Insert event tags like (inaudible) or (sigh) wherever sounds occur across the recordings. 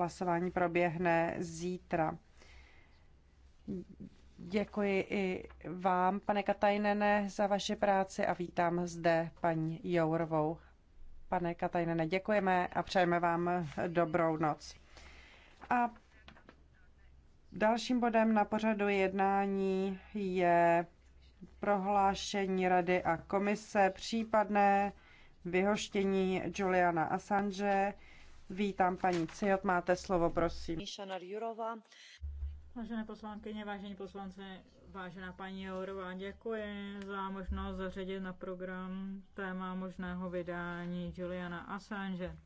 hlasování proběhne zítra. Děkuji i vám, pane Katajnene, za vaši práci a vítám zde paní Jourovou. Pane Katajnene, děkujeme a přejeme vám dobrou noc. A dalším bodem na pořadu jednání je prohlášení Rady a komise případné vyhoštění Juliana Assange Vítám paní Ciot, máte slovo, prosím. Vážené poslankyně, vážení poslanci, vážená paní Jourová, děkuji za možnost zařadit na program téma možného vydání Juliana Assange.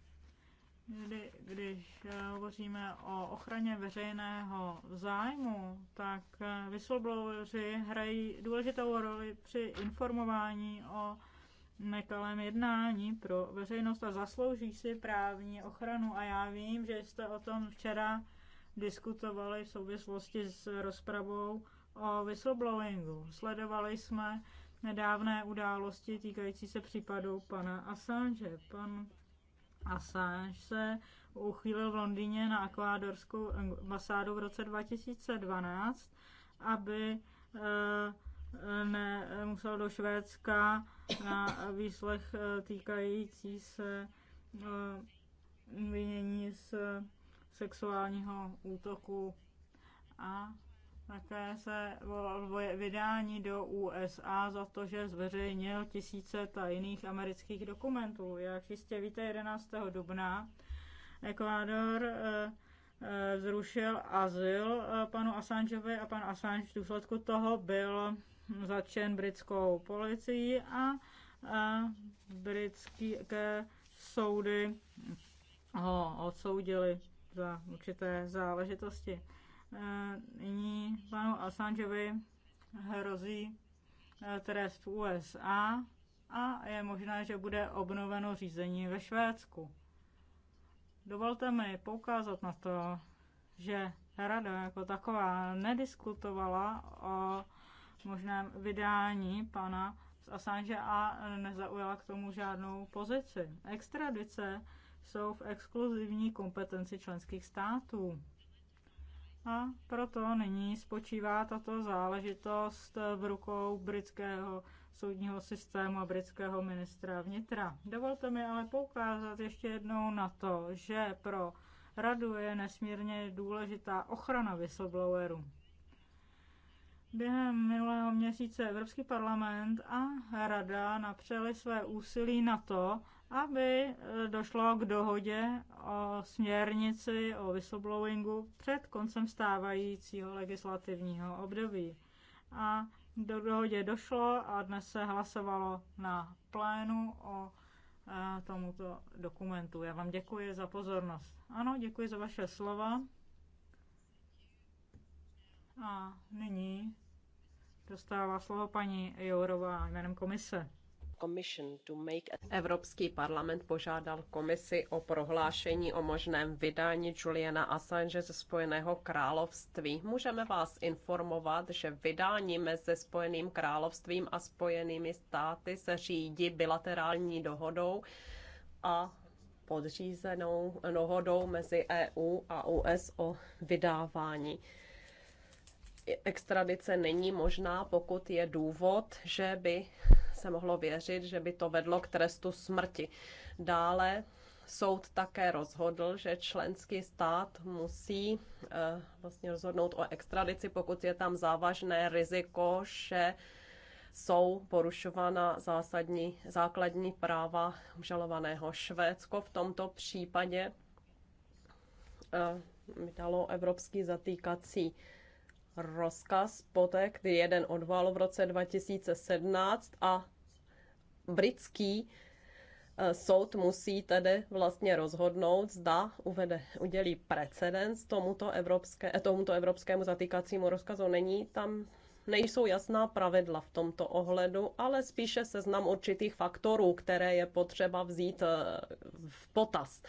Kdy, když eh, hovoříme o ochraně veřejného zájmu, tak eh, whistlebloweri hrají důležitou roli při informování o nekalém jednání pro veřejnost a zaslouží si právní ochranu. A já vím, že jste o tom včera diskutovali v souvislosti s rozpravou o whistleblowingu. Sledovali jsme nedávné události týkající se případu pana Assange. Pan Assange se uchýlil v Londýně na akvádorskou ambasádu v roce 2012, aby eh, ne, musel do Švédska na výslech eh, týkající se eh, vinění z sexuálního útoku a také se vydání do USA za to, že zveřejnil tisíce tajných amerických dokumentů. Jak jistě víte, 11. dubna Ekvádor eh, zrušil azyl panu Assangeovi a pan Assange v důsledku toho byl zatčen britskou policií a britské soudy ho odsoudili za určité záležitosti. E, nyní panu Assangeovi hrozí e, trest v USA a je možné, že bude obnoveno řízení ve Švédsku. Dovolte mi poukázat na to, že rada jako taková nediskutovala o možném vydání pana z Assange a nezaujala k tomu žádnou pozici. Extradice jsou v exkluzivní kompetenci členských států. A proto nyní spočívá tato záležitost v rukou britského soudního systému a britského ministra vnitra. Dovolte mi ale poukázat ještě jednou na to, že pro radu je nesmírně důležitá ochrana whistleblowerů. Během minulého měsíce Evropský parlament a Rada napřeli své úsilí na to, aby eh, došlo k dohodě o směrnici o whistleblowingu před koncem stávajícího legislativního období. A do dohodě došlo a dnes se hlasovalo na plénu o eh, tomuto dokumentu. Já vám děkuji za pozornost. Ano, děkuji za vaše slova. A nyní Dostává slovo paní Jourová jménem komise. Evropský parlament požádal komisi o prohlášení o možném vydání Juliana Assange ze Spojeného království. Můžeme vás informovat, že vydání mezi Spojeným královstvím a Spojenými státy se řídí bilaterální dohodou a podřízenou dohodou mezi EU a US o vydávání extradice není možná, pokud je důvod, že by se mohlo věřit, že by to vedlo k trestu smrti. Dále soud také rozhodl, že členský stát musí eh, vlastně rozhodnout o extradici, pokud je tam závažné riziko, že jsou porušována zásadní, základní práva obžalovaného. Švédsko v tomto případě eh, vydalo evropský zatýkací rozkaz poté, kdy jeden odval v roce 2017 a britský eh, soud musí tedy vlastně rozhodnout, zda uvede, udělí precedens tomuto, evropské, eh, tomuto evropskému zatýkacímu rozkazu. Není tam nejsou jasná pravidla v tomto ohledu, ale spíše seznam určitých faktorů, které je potřeba vzít eh, v potaz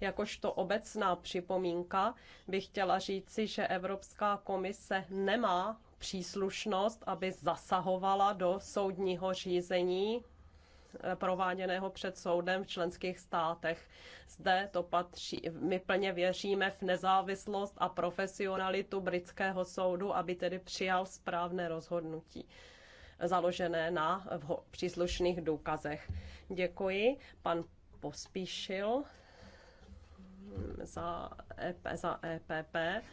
Jakožto obecná připomínka bych chtěla říci, že Evropská komise nemá příslušnost, aby zasahovala do soudního řízení eh, prováděného před soudem v členských státech. Zde to patří. My plně věříme v nezávislost a profesionalitu britského soudu, aby tedy přijal správné rozhodnutí založené na příslušných důkazech. Děkuji. Pan Pospíšil za, EP, za EPP.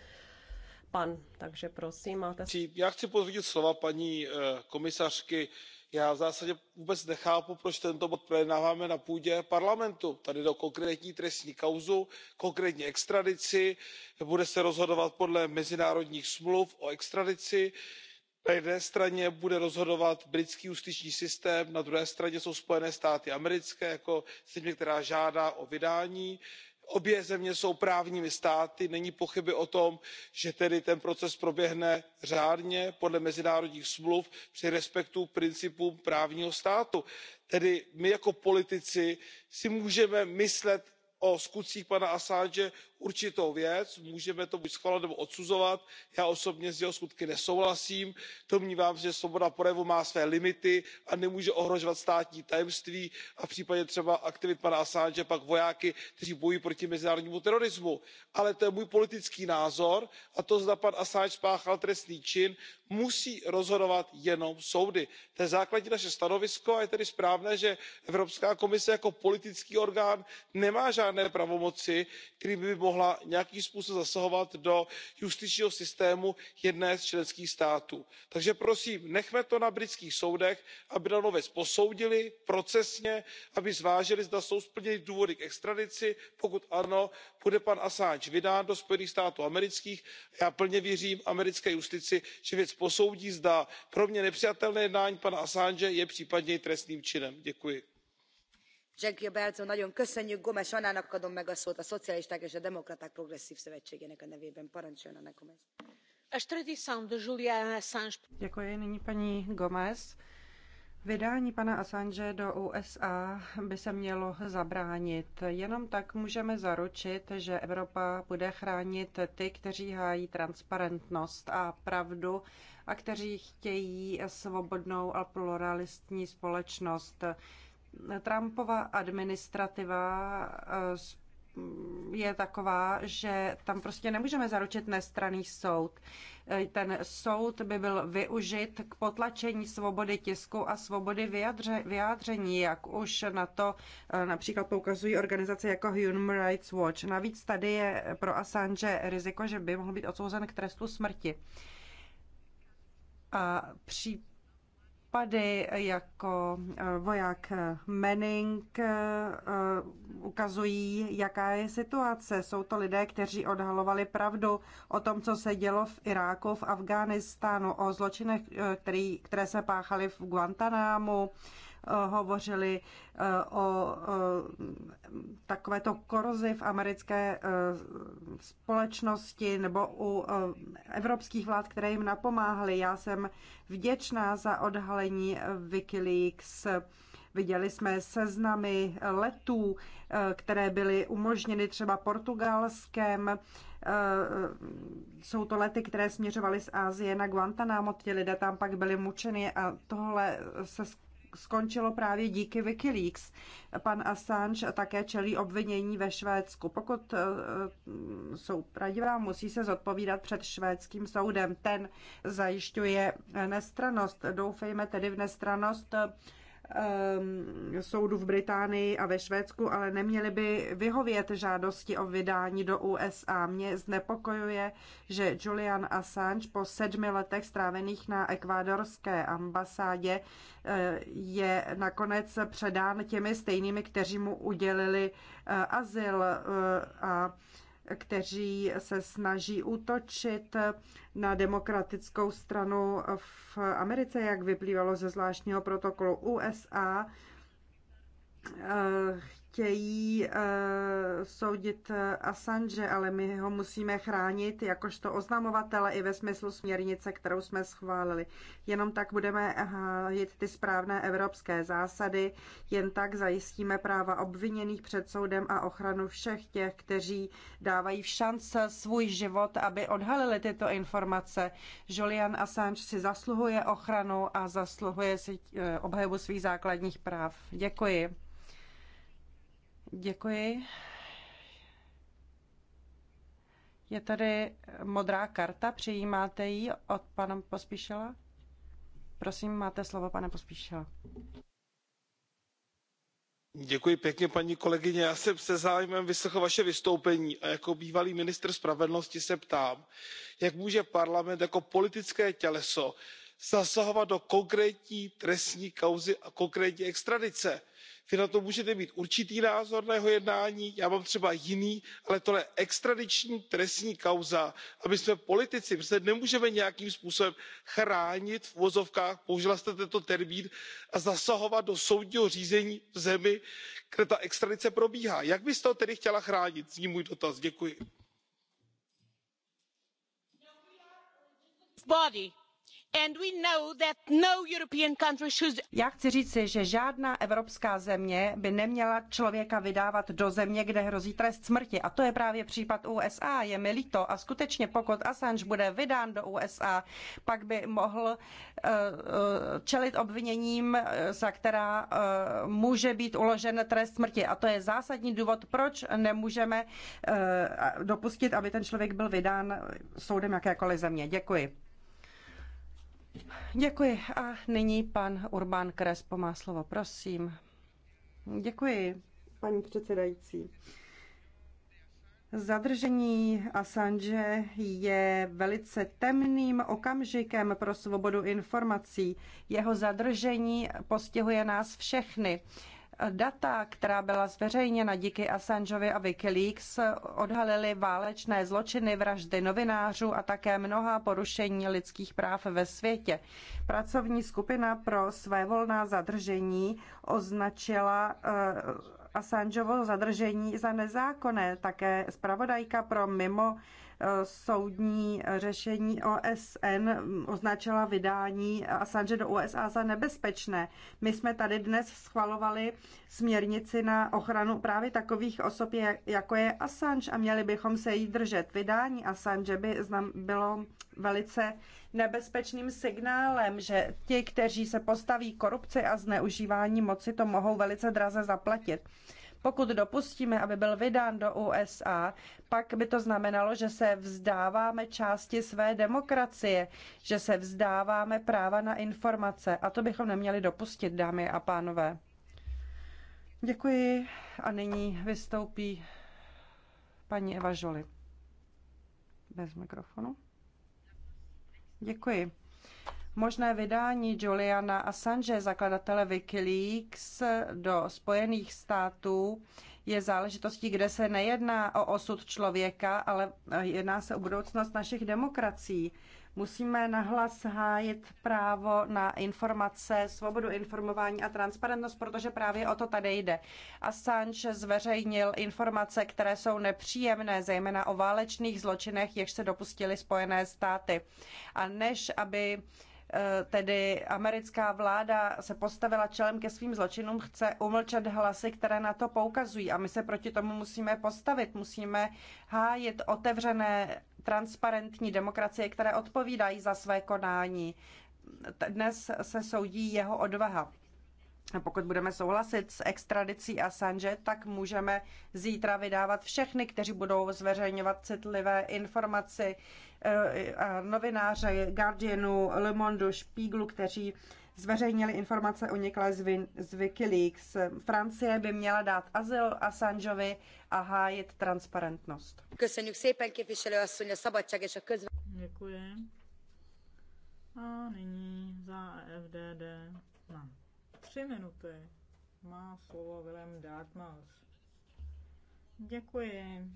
Pan, takže prosím, máte... Já chci potvrdit slova paní eh, komisařky. Já v zásadě vůbec nechápu, proč tento bod projednáváme na půdě parlamentu. Tady jde o konkrétní trestní kauzu, konkrétní extradici, bude se rozhodovat podle mezinárodních smluv o extradici na jedné straně bude rozhodovat britský justiční systém na druhé straně jsou spojené státy americké jako země která žádá o vydání obě země jsou právními státy není pochyby o tom že tedy ten proces proběhne řádně podle mezinárodních smluv při respektu principů právního státu. tedy my jako politici si můžeme myslet o skutcích pana assange určitou věc můžeme to buď schvalovat nebo odsuzovat já osobně s jeho skutky nesouhlasím domnívám se že svoboda projevu má své limity a nemůže ohrožovat státní tajemství a v případě třeba aktivit pana assange pak vojáky kteří bojují proti mezinárodnímu terorismu. ale to je můj politický názor a to zda pan assange spáchal trestný čin musí rozhodovat jenom soudy. to je základní naše stanovisko a je tedy správné že evropská komise jako politický orgán nemá žádné pravomoci kterými by mohla nějakým způsobem zasahovat do justičního systému jedné z členských států. takže prosím nechme to na britských soudech aby danou věc posoudily procesně aby zvážily zda jsou splněny důvody k extradici pokud ano bude pan assange vydán do spojených států amerických a já plně věřím americké justici že věc posoudí zda pro mě nepřijatelné jednání pana assange je případně i trestným činem. děkuji. Zsenki Belcó, nyní paní Gomez. Vydání pana Assange do USA by se mělo zabránit. Jenom tak můžeme zaručit, že Evropa bude chránit ty, kteří hájí transparentnost a pravdu a kteří chtějí svobodnou a pluralistní společnost. Trumpova administrativa eh, je taková, že tam prostě nemůžeme zaručit nestraný soud. Eh, ten soud by byl využit k potlačení svobody tisku a svobody vyjadře, vyjádření, jak už na to eh, například poukazují organizace jako Human Rights Watch. Navíc tady je pro Assange riziko, že by mohl být odsouzen k trestu smrti. A případ případy jako eh, voják Manning eh, eh, ukazují, jaká je situace. Jsou to lidé, kteří odhalovali pravdu o tom, co se dělo v Iráku, v Afghánistánu, o zločinech, který, které se páchaly v Guantanámu, Eh, hovořili eh, o eh, takovéto korozi v americké společnosti nebo u evropských vlád, které jim napomáhly. Já jsem vděčná za odhalení Wikileaks. Viděli jsme seznamy letů, které byly umožněny třeba portugalském. Jsou to lety, které směřovaly z Ázie na Guantanamo. Ti lidé tam pak byli mučeni a tohle se skončilo právě díky Wikileaks. Pan Assange také čelí obvinění ve Švédsku. Pokud eh, jsou pravdivá, musí se zodpovídat před švédským soudem. Ten zajišťuje nestranost. Doufejme tedy v nestranost eh, Ehm, soudu v Británii a ve Švédsku, ale neměli by vyhovět žádosti o vydání do USA. Mě znepokojuje, že Julian Assange po sedmi letech strávených na ekvádorské ambasádě eh, je nakonec předán těmi stejnými, kteří mu udělili eh, azyl eh, a kteří se snaží útočit na demokratickou stranu v Americe, jak vyplývalo ze zvláštního protokolu USA eh, chtějí eh, soudit eh, Assange, ale my ho musíme chránit jakožto oznamovatele i ve smyslu směrnice, kterou jsme schválili. Jenom tak budeme hájit ty správné evropské zásady, jen tak zajistíme práva obviněných před soudem a ochranu všech těch, kteří dávají v šance svůj život, aby odhalili tyto informace. Julian Assange si zasluhuje ochranu a zasluhuje si eh, obhajobu svých základních práv. Děkuji. Děkuji. Je tady modrá karta, přijímáte ji od pana Pospíšila? Prosím, máte slovo, pane Pospíšila. Děkuji pěkně, paní kolegyně. Já jsem se zájmem vyslechl vaše vystoupení a jako bývalý ministr spravedlnosti se ptám, jak může parlament jako politické těleso zasahovat do konkrétní trestní kauzy a konkrétní extradice vy na to můžete mít určitý názor na jeho jednání já mám třeba jiný ale tohle je extradiční trestní kauza a my jsme politici přece nemůžeme nějakým způsobem chránit v uvozovkách použila jste tento termín a zasahovat do soudního řízení v zemi kde ta extradice probíhá. jak byste ho tedy chtěla chránit zní můj dotaz. No Já chci říci, že žádná evropská země by neměla člověka vydávat do země, kde hrozí trest smrti. A to je právě případ USA. Je mi líto. A skutečně, pokud Assange bude vydán do USA, pak by mohl eh, eh, čelit obviněním, eh, za která může být uložen trest smrti. A to je zásadní důvod, proč nemůžeme dopustit, aby ten člověk byl vydán soudem jakékoliv země. Děkuji. Děkuji. A nyní pan Urbán Krespo má slovo, prosím. Děkuji, paní předsedající. Zadržení Assange je velice temným okamžikem pro svobodu informací. Jeho zadržení postihuje nás všechny. Data, která byla zveřejněna díky Assangeovi a Wikileaks, odhalily válečné zločiny, vraždy novinářů a také mnoha porušení lidských práv ve světě. Pracovní skupina pro svévolná zadržení označila eh, Assangeovo zadržení za nezákonné. Také zpravodajka pro mimo Eh, soudní eh, řešení OSN označila vydání Assange do USA za nebezpečné. My jsme tady dnes schvalovali směrnici na ochranu právě takových osob, jako je Assange a měli bychom se jí držet. Vydání Assange by bylo velice nebezpečným signálem, že ti, kteří se postaví korupci a zneužívání moci, to mohou velice draze zaplatit. Pokud dopustíme, aby byl vydán do USA, pak by to znamenalo, že se vzdáváme části své demokracie, že se vzdáváme práva na informace. A to bychom neměli dopustit, dámy a pánové. Děkuji a nyní vystoupí paní Eva Žoli. Bez mikrofonu. Děkuji. Možné vydání Juliana Assange, zakladatele Wikileaks, do Spojených států je záležitostí, kde se nejedná o osud člověka, ale jedná se o budoucnost našich demokracií. Musíme nahlas hájit právo na informace, svobodu informování a transparentnost, protože právě o to tady jde. Assange zveřejnil informace, které jsou nepříjemné, zejména o válečných zločinech, jež se dopustili Spojené státy. A než aby Eh, tedy americká vláda se postavila čelem ke svým zločinům, chce umlčet hlasy, které na to poukazují. A my se proti tomu musíme postavit, musíme hájit otevřené, transparentní demokracie, které odpovídají za své konání. Dnes se soudí jeho odvaha pokud budeme souhlasit s extradicí Assange, tak můžeme zítra vydávat všechny, kteří budou zveřejňovat citlivé informace eh, novináře Guardianu, Le Monde, Spiegelu, kteří zveřejnili informace o někle z Wikileaks. Francie by měla dát azyl Assangeovi a hájit transparentnost. Děkuji. A nyní za FDD. No tři minuty má slovo Willem Dartmouth. Děkuji.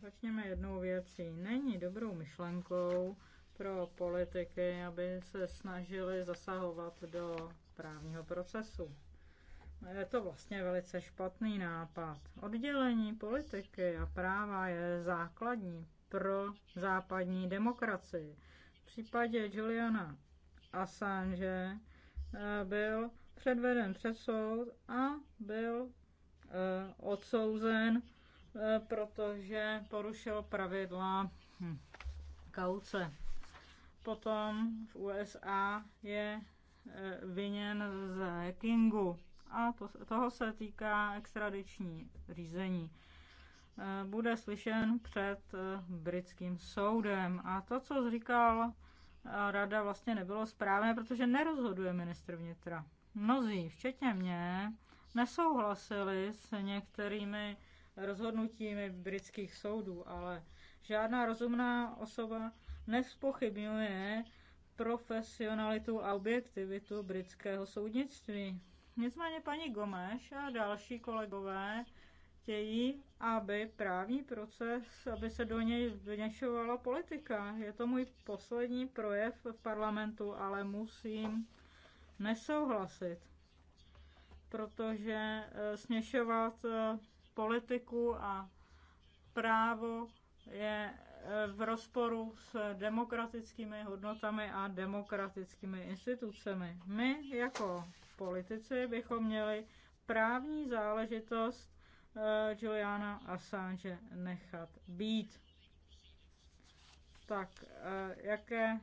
Začněme jednou věcí. Není dobrou myšlenkou pro politiky, aby se snažili zasahovat do právního procesu. Je to vlastně velice špatný nápad. Oddělení politiky a práva je základní pro západní demokracii. V případě Juliana Assange eh, byl předveden před soud a byl eh, odsouzen, eh, protože porušil pravidla hm, kauce. Potom v USA je eh, viněn z hackingu a to, toho se týká extradiční řízení. Bude slyšen před britským soudem a to, co říkal rada, vlastně nebylo správné, protože nerozhoduje ministr vnitra mnozí, včetně mě, nesouhlasili s některými rozhodnutími britských soudů, ale žádná rozumná osoba nespochybňuje profesionalitu a objektivitu britského soudnictví. Nicméně paní Gomeš a další kolegové chtějí, aby právní proces, aby se do něj vněšovala politika. Je to můj poslední projev v parlamentu, ale musím nesouhlasit, protože eh, směšovat eh, politiku a právo je eh, v rozporu s demokratickými hodnotami a demokratickými institucemi. My jako politici bychom měli právní záležitost Juliana Assange nechat být. Tak, jaké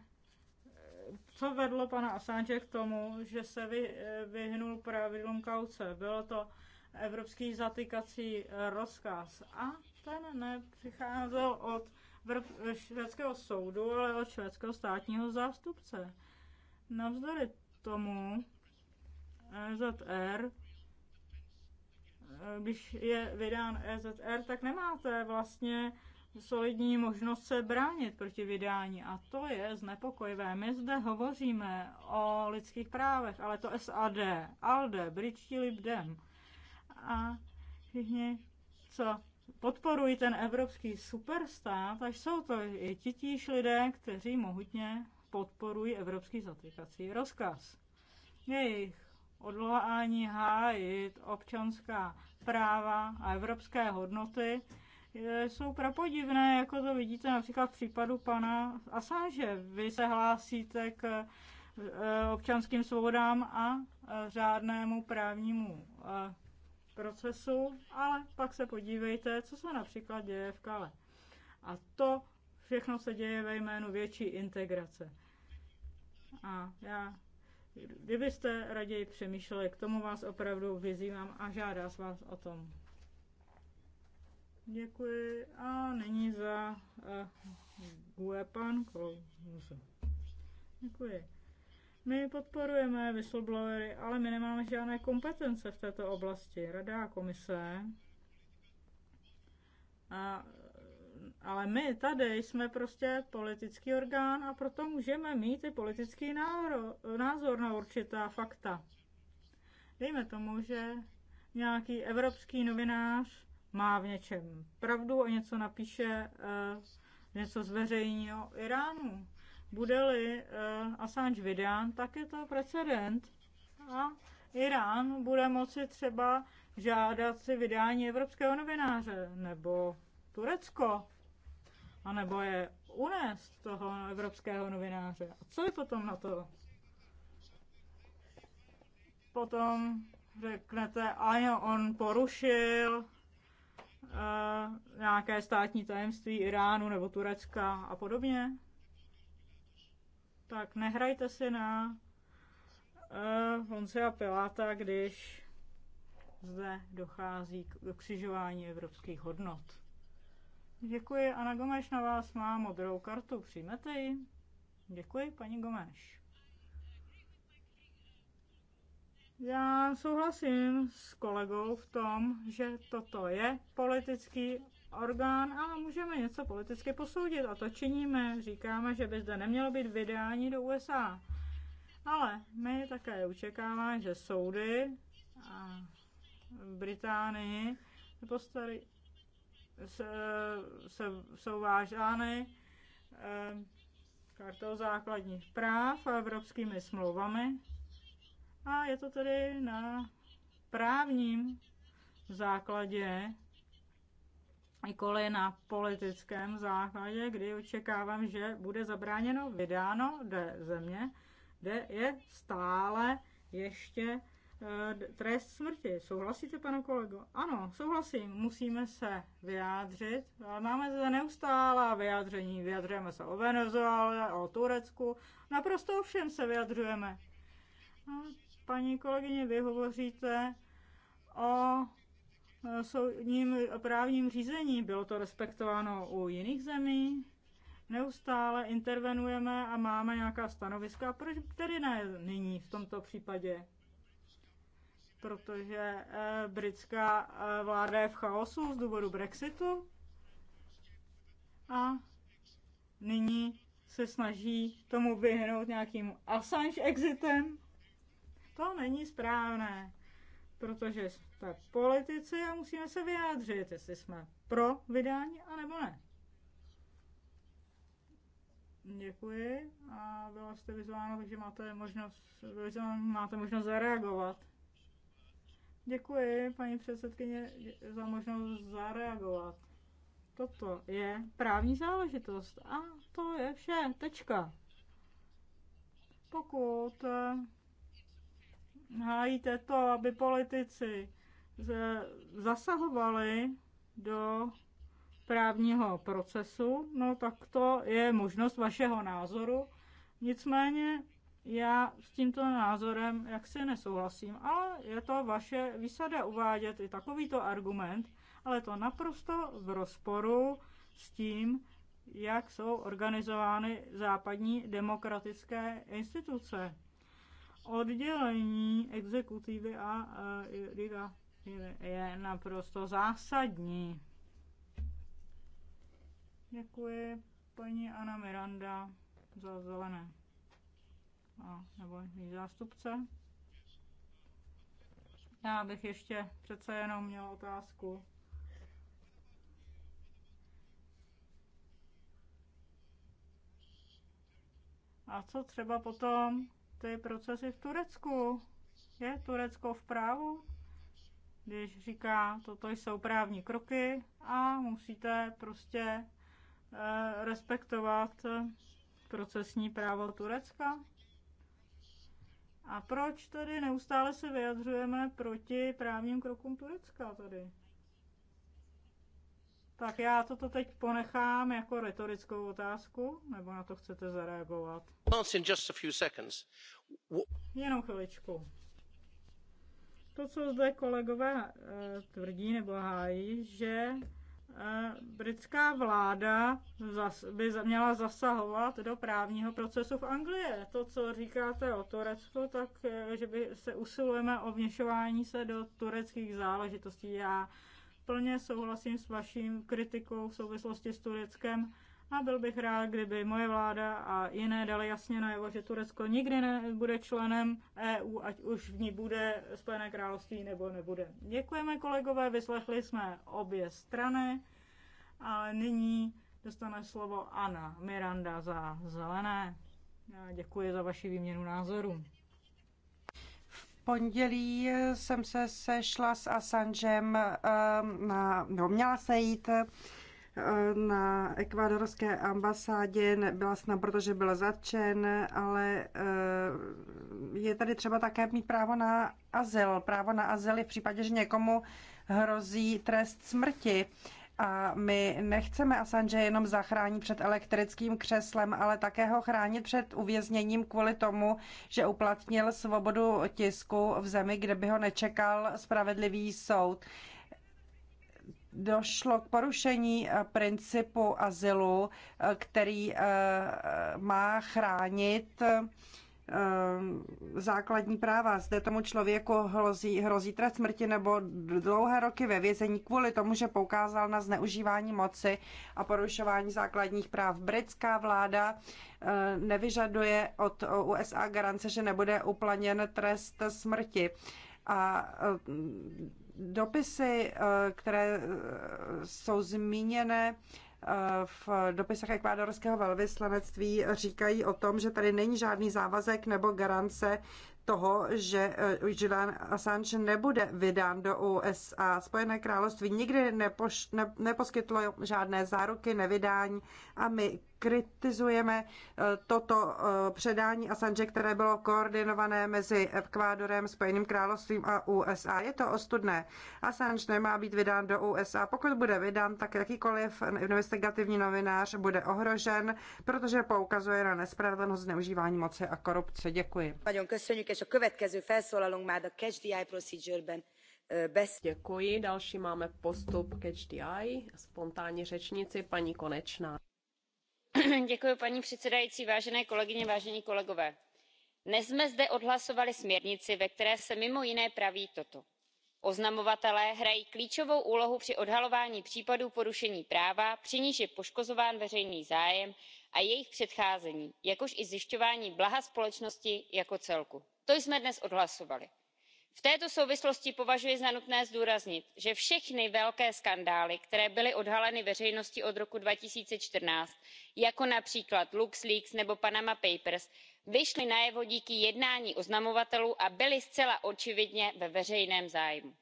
co vedlo pana Assange k tomu, že se vy, vyhnul pravidlům kauce. Bylo to evropský zatýkací rozkaz a ten nepřicházel od švédského soudu, ale od švédského státního zástupce. Navzdory tomu EZR, když je vydán EZR, tak nemáte vlastně solidní možnost se bránit proti vydání a to je znepokojivé. My zde hovoříme o lidských právech, ale to SAD, ALDE, britští Libdem a všichni, co podporují ten evropský superstát, až jsou to i titíž lidé, kteří mohutně podporují evropský zatýkací rozkaz. Jejich odlohání hájit občanská práva a evropské hodnoty jsou prapodivné, jako to vidíte například v případu pana Assange. Vy se hlásíte k e, občanským svobodám a e, řádnému právnímu e, procesu, ale pak se podívejte, co se například děje v Kale. A to všechno se děje ve jménu větší integrace. A já, kdybyste raději přemýšleli, k tomu vás opravdu vyzývám a žádám vás o tom. Děkuji a nyní za eh, GUE pan Kouza. Děkuji. My podporujeme whistleblowery, ale my nemáme žádné kompetence v této oblasti. Rada a komise. A, ale my tady jsme prostě politický orgán a proto můžeme mít i politický náro, názor na určitá fakta. Dejme tomu, že nějaký evropský novinář má v něčem pravdu a něco napíše, eh, něco zveřejní o Iránu. Bude-li eh, Assange vydán, tak je to precedent a Irán bude moci třeba žádat si vydání evropského novináře nebo Turecko, a nebo je unést toho evropského novináře. A co je potom na to? Potom řeknete, ano, on porušil nějaké státní tajemství Iránu nebo Turecka a podobně? Tak nehrajte si na uh, eh, Honce a Piláta, když zde dochází k křižování evropských hodnot. Děkuji, Ana Gomeš, na vás má modrou kartu. Přijmete ji? Děkuji, paní Gomeš. Já souhlasím s kolegou v tom, že toto je politický orgán a můžeme něco politicky posoudit a to činíme. Říkáme, že by zde nemělo být vydání do USA. Ale my také očekáváme, že soudy a v Británii postary, se, se, jsou vážány eh, kartou základních práv a evropskými smlouvami a je to tedy na právním základě, nikoli na politickém základě, kdy očekávám, že bude zabráněno, vydáno do země, kde je stále ještě eh, trest smrti. Souhlasíte, pane kolego? Ano, souhlasím. Musíme se vyjádřit, máme zde neustálá vyjádření. Vyjadřujeme se o Venezuele, o Turecku. Naprosto všem se vyjadřujeme. Paní kolegyně, vy hovoříte o e, soudním e, právním řízení. Bylo to respektováno u jiných zemí? Neustále intervenujeme a máme nějaká stanoviska. Proč tedy ne nyní v tomto případě? Protože e, britská vláda je v chaosu z důvodu Brexitu a nyní se snaží tomu vyhnout nějakým Assange exitem to není správné, protože jsme politici a musíme se vyjádřit, jestli jsme pro vydání anebo ne. Děkuji a byla jste vyzvána, takže máte možnost, vyzvána, máte možnost zareagovat. Děkuji, paní předsedkyně, za možnost zareagovat. Toto je právní záležitost a to je vše, tečka. Pokud eh, hájíte to, aby politici zasahovali do právního procesu, no tak to je možnost vašeho názoru. Nicméně já s tímto názorem jaksi nesouhlasím, ale je to vaše výsada uvádět i takovýto argument, ale to naprosto v rozporu s tím, jak jsou organizovány západní demokratické instituce oddělení exekutivy a e, judika je naprosto zásadní. Děkuji paní Ana Miranda za zelené. A, nebo její zástupce. Já bych ještě přece jenom měla otázku. A co třeba potom ty procesy v Turecku. Je Turecko v právu, když říká, toto jsou právní kroky a musíte prostě eh, respektovat procesní právo Turecka. A proč tady neustále se vyjadřujeme proti právním krokům Turecka tady? Tak já toto teď ponechám jako retorickou otázku, nebo na to chcete zareagovat? Jenom chviličku. To, co zde kolegové eh, tvrdí nebo hájí, že eh, britská vláda by měla zasahovat do právního procesu v Anglii. To, co říkáte o Turecku, tak eh, že by se usilujeme o vněšování se do tureckých záležitostí. Já plně souhlasím s vaším kritikou v souvislosti s Tureckem a byl bych rád, kdyby moje vláda a jiné dali jasně najevo, že Turecko nikdy nebude členem EU, ať už v ní bude Spojené království nebo nebude. Děkujeme kolegové, vyslechli jsme obě strany, ale nyní dostane slovo Ana Miranda za zelené. Já děkuji za vaši výměnu názorů pondělí jsem se sešla s Assangem, eh, na, no, měla se jít eh, na ekvádorské ambasádě, nebyla snad, protože byl zatčen, ale eh, je tady třeba také mít právo na azyl. Právo na azyl je v případě, že někomu hrozí trest smrti. A my nechceme Assange jenom zachránit před elektrickým křeslem, ale také ho chránit před uvězněním kvůli tomu, že uplatnil svobodu tisku v zemi, kde by ho nečekal spravedlivý soud. Došlo k porušení eh, principu azylu, eh, který eh, má chránit Ehm, základní práva. Zde tomu člověku hrozí, hrozí trest smrti nebo dlouhé roky ve vězení kvůli tomu, že poukázal na zneužívání moci a porušování základních práv. Britská vláda eh, nevyžaduje od USA garance, že nebude uplaněn trest smrti. A ehm, dopisy, eh, které eh, jsou zmíněné, Eh, v dopisech ekvádorského velvyslanectví říkají o tom, že tady není žádný závazek nebo garance toho, že eh, Julian Assange nebude vydán do USA. Spojené království nikdy nepoš, ne, neposkytlo žádné záruky nevydání a my kritizujeme eh, toto eh, předání Assange, které bylo koordinované mezi Ekvádorem, Spojeným královstvím a USA. Je to ostudné. Assange nemá být vydán do USA. Pokud bude vydán, tak jakýkoliv investigativní novinář bude ohrožen, protože poukazuje na nespravedlnost zneužívání moci a korupce. Děkuji. Eh, Děkuji. Další máme postup Catch the Eye. Spontánní řečnici paní Konečná. (coughs) paní předsedající vážené kolegyně vážení kolegové dnes jsme zde odhlasovali směrnici ve které se mimo jiné praví toto oznamovatelé hrají klíčovou úlohu při odhalování případů porušení práva při nichž je poškozován veřejný zájem a jejich předcházení jakož i zjišťování blaha společnosti jako celku. to jsme dnes odhlasovali v této souvislosti považuji za nutné zdůraznit že všechny velké skandály které byly odhaleny veřejností od roku two thousand and fourteen jako například luxleaks nebo panama papers vyšly najevo díky jednání oznamovatelů a byly zcela očividně ve veřejném zájmu.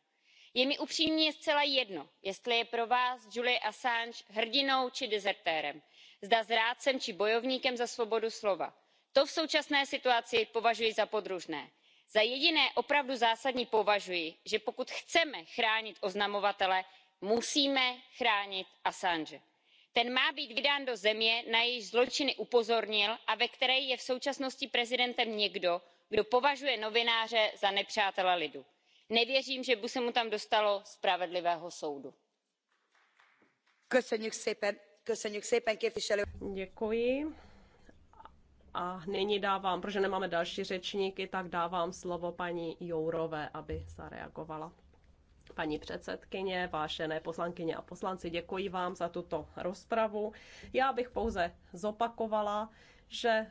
je mi upřímně zcela jedno jestli je pro vás julian assange hrdinou či dezertérem zda zrádcem či bojovníkem za svobodu slova to v současné situaci považuji za podružné za jediné opravdu zásadní považuji že pokud chceme chránit oznamovatele musíme chránit assange. ten má být vydán do země na jejíž zločiny upozornil a ve které je v současnosti prezidentem někdo kdo považuje novináře za nepřátele lidu. nevěřím že by se mu tam dostalo spravedlivého soudu. A nyní dávám, protože nemáme další řečníky, tak dávám slovo paní Jourové, aby zareagovala. Paní předsedkyně, vážené poslankyně a poslanci, děkuji vám za tuto rozpravu. Já bych pouze zopakovala, že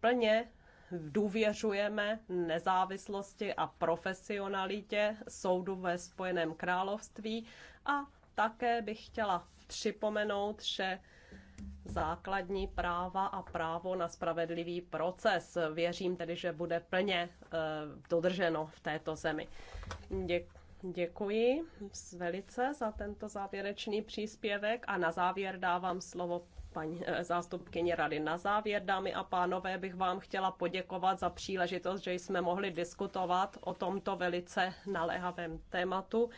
plně důvěřujeme nezávislosti a profesionalitě soudu ve Spojeném království a také bych chtěla připomenout, že základní práva a právo na spravedlivý proces. Věřím tedy, že bude plně eh, dodrženo v této zemi. Děkuji velice za tento závěrečný příspěvek a na závěr dávám slovo paní eh, zástupkyně rady. Na závěr, dámy a pánové, bych vám chtěla poděkovat za příležitost, že jsme mohli diskutovat o tomto velice naléhavém tématu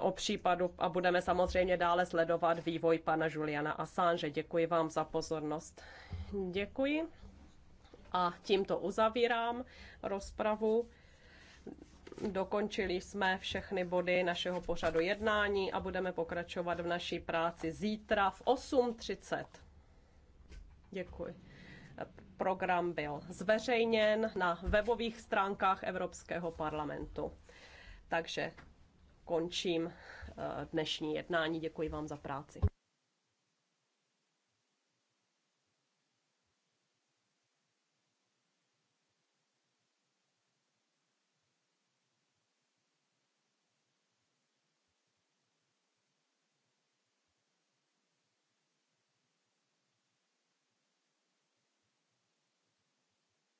o případu a budeme samozřejmě dále sledovat vývoj pana Juliana Assange. Děkuji vám za pozornost. Děkuji. A tímto uzavírám rozpravu. Dokončili jsme všechny body našeho pořadu jednání a budeme pokračovat v naší práci zítra v 8.30. Děkuji. Program byl zveřejněn na webových stránkách Evropského parlamentu. Takže končím eh, dnešní jednání. Děkuji vám za práci.